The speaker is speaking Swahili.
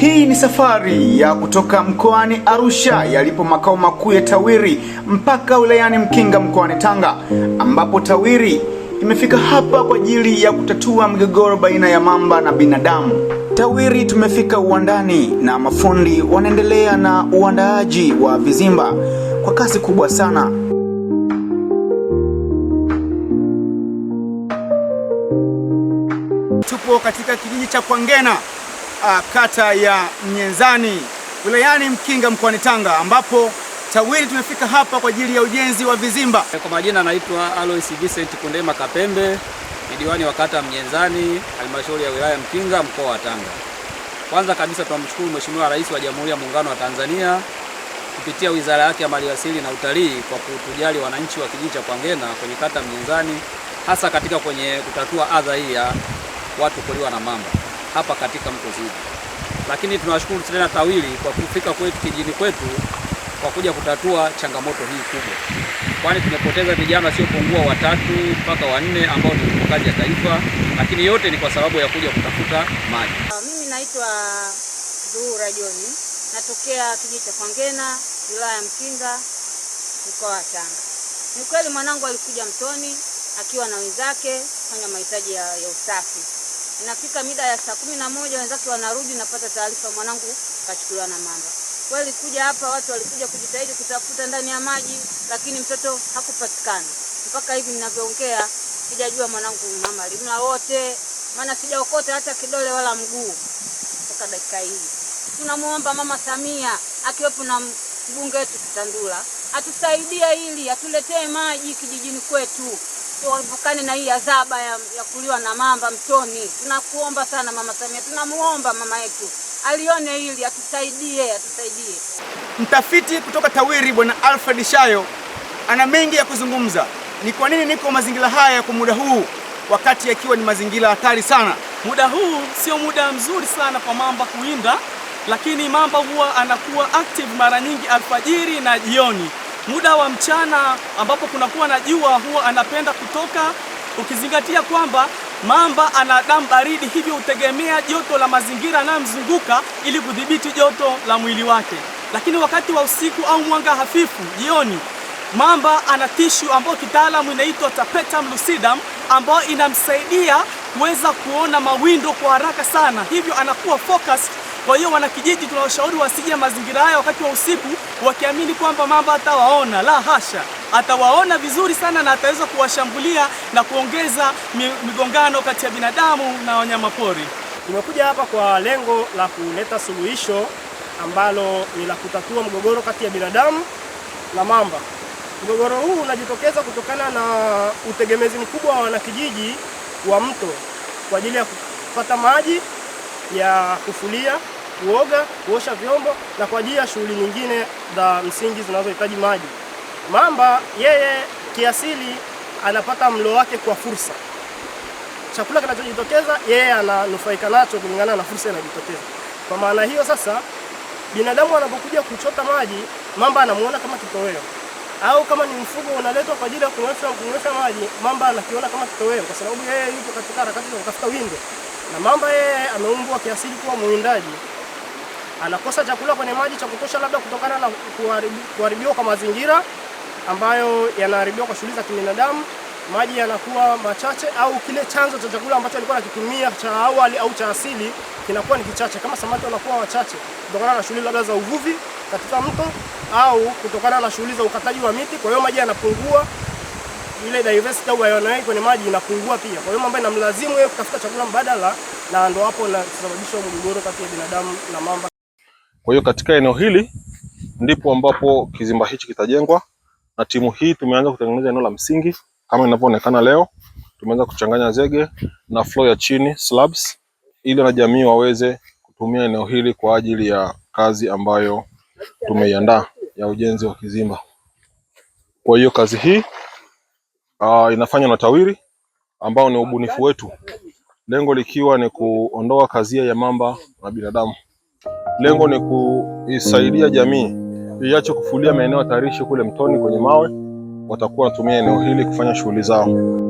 Hii ni safari ya kutoka mkoani Arusha yalipo makao makuu ya TAWIRI mpaka wilayani Mkinga mkoani Tanga ambapo TAWIRI imefika hapa kwa ajili ya kutatua migogoro baina ya mamba na binadamu. TAWIRI tumefika uwandani na mafundi wanaendelea na uandaaji wa vizimba kwa kasi kubwa sana. Tupo katika kijiji cha Kwangena uh, kata ya Mnyenzani wilayani Mkinga mkoani Tanga ambapo TAWIRI tumefika hapa kwa ajili ya ujenzi wa vizimba. Kwa majina anaitwa Alois Vincent Kundema Kapembe, ni diwani wa kata Mnyenzani, halmashauri ya wilaya Mkinga, mkoa wa Tanga. Kwanza kabisa tunamshukuru Mheshimiwa Rais wa Jamhuri ya Muungano wa Tanzania kupitia wizara yake ya Maliasili na Utalii kwa kutujali wananchi wa kijiji cha Kwangena kwenye kata Mnyenzani, hasa katika kwenye kutatua adha hii ya watu kuliwa na mamba hapa katika Mkoziji. Lakini tunawashukuru tena TAWIRI kwa kufika kwetu kijijini kwetu kwa kuja kutatua changamoto hii kubwa, kwani tumepoteza vijana wasiopungua watatu mpaka wanne ambao ni mkazi ya taifa, lakini yote ni kwa sababu ya kuja kutafuta maji. Ah, mimi naitwa Duhura Joni, natokea kijiji cha Kwangena, wilaya ya Mkinga, mkoa wa Tanga. Ni kweli mwanangu alikuja mtoni akiwa na wenzake kufanya mahitaji ya, ya usafi Nafika mida ya saa kumi na moja wenzake wanarudi, napata taarifa mwanangu kachukuliwa na mamba. Kweli kuja hapa watu walikuja kujitahidi kutafuta ndani ya maji, lakini mtoto hakupatikana. Mpaka hivi ninavyoongea sijajua mwanangu mama alimla wote, maana sijaokota hata kidole wala mguu mpaka dakika hii. Tunamuomba Mama Samia akiwepo na mbunge wetu Kitandula atusaidie hili, atuletee maji kijijini kwetu tuepukane na hii adhaba ya, ya kuliwa na mamba mtoni. Tunakuomba sana Mama Samia, tunamuomba mama yetu alione hili, atusaidie, atusaidie. Mtafiti kutoka TAWIRI Bwana Alfred Shayo ana mengi ya kuzungumza. Ni kwa nini niko mazingira haya kwa muda huu, wakati yakiwa ni mazingira hatari sana? Muda huu sio muda mzuri sana kwa mamba kuinda lakini mamba huwa anakuwa active mara nyingi alfajiri na jioni. Muda wa mchana ambapo kunakuwa na jua huwa anapenda kutoka, ukizingatia kwamba mamba ana damu baridi, hivyo hutegemea joto la mazingira anayomzunguka ili kudhibiti joto la mwili wake. Lakini wakati wa usiku au mwanga hafifu jioni, mamba ana tishu ambayo kitaalamu inaitwa tapetum lucidum ambayo inamsaidia kuweza kuona mawindo kwa haraka sana, hivyo anakuwa focused kwa hiyo wanakijiji, tunawashauri wasije mazingira haya wakati wa usiku, wakiamini kwamba mamba atawaona. La hasha, atawaona vizuri sana na ataweza kuwashambulia na kuongeza migongano kati ya binadamu na wanyamapori. Tumekuja hapa kwa lengo la kuleta suluhisho ambalo ni la kutatua mgogoro kati ya binadamu na mamba. Mgogoro huu unajitokeza kutokana na utegemezi mkubwa wa wanakijiji wa mto kwa ajili ya kupata maji ya kufulia kuoga, kuosha vyombo na kwa ajili ya shughuli nyingine za msingi zinazohitaji maji. Mamba yeye kiasili anapata mlo wake kwa fursa. Chakula kinachojitokeza yeye ananufaika nacho kulingana na fursa inayojitokeza. Kwa maana hiyo sasa, binadamu anapokuja kuchota maji, mamba anamuona kama kitoweo, au kama ni mfugo unaletwa kwa ajili ya kunywesha kunywesha maji, mamba anakiona kama kitoweo, kwa sababu yeye yupo katika harakati za kutafuta windo, na mamba yeye ameumbwa kiasili kuwa mwindaji anakosa chakula kwenye maji cha kutosha, labda kutokana na kuharibiwa kwa mazingira ambayo yanaharibiwa kwa shughuli za kibinadamu, maji yanakuwa machache, au kile chanzo cha chakula ambacho alikuwa anakitumia cha awali au cha asili kinakuwa ni kichache, kama samaki wanakuwa wachache kutokana na shughuli labda za uvuvi katika mto au kutokana na shughuli za ukataji wa miti. Kwa hiyo maji yanapungua, ile diversity au aina kwenye maji inapungua pia. Kwa hiyo mambo inamlazimu yeye kutafuta chakula mbadala, na ndo hapo na kusababisha mgogoro kati ya binadamu na mamba. Kwa hiyo katika eneo hili ndipo ambapo kizimba hichi kitajengwa, na timu hii tumeanza kutengeneza eneo la msingi kama inavyoonekana leo. Tumeanza kuchanganya zege na floor ya chini slabs, ili wanajamii waweze kutumia eneo hili kwa ajili ya kazi ambayo tumeiandaa ya ujenzi wa kizimba. Kwa hiyo kazi hii uh, inafanywa na TAWIRI ambao ni ubunifu wetu, lengo likiwa ni kuondoa kazia ya mamba na binadamu. Lengo ni kuisaidia jamii iache kufulia maeneo hatarishi kule mtoni kwenye mawe. Watakuwa wanatumia eneo hili kufanya shughuli zao.